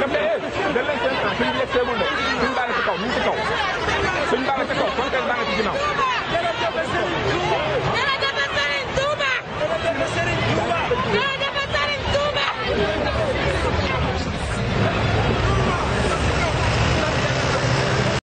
daf ne eh dañ leen seen temps suñu yegg seegul de suñu baale ci kaw ñu ngi ci kaw suñu baale ci kaw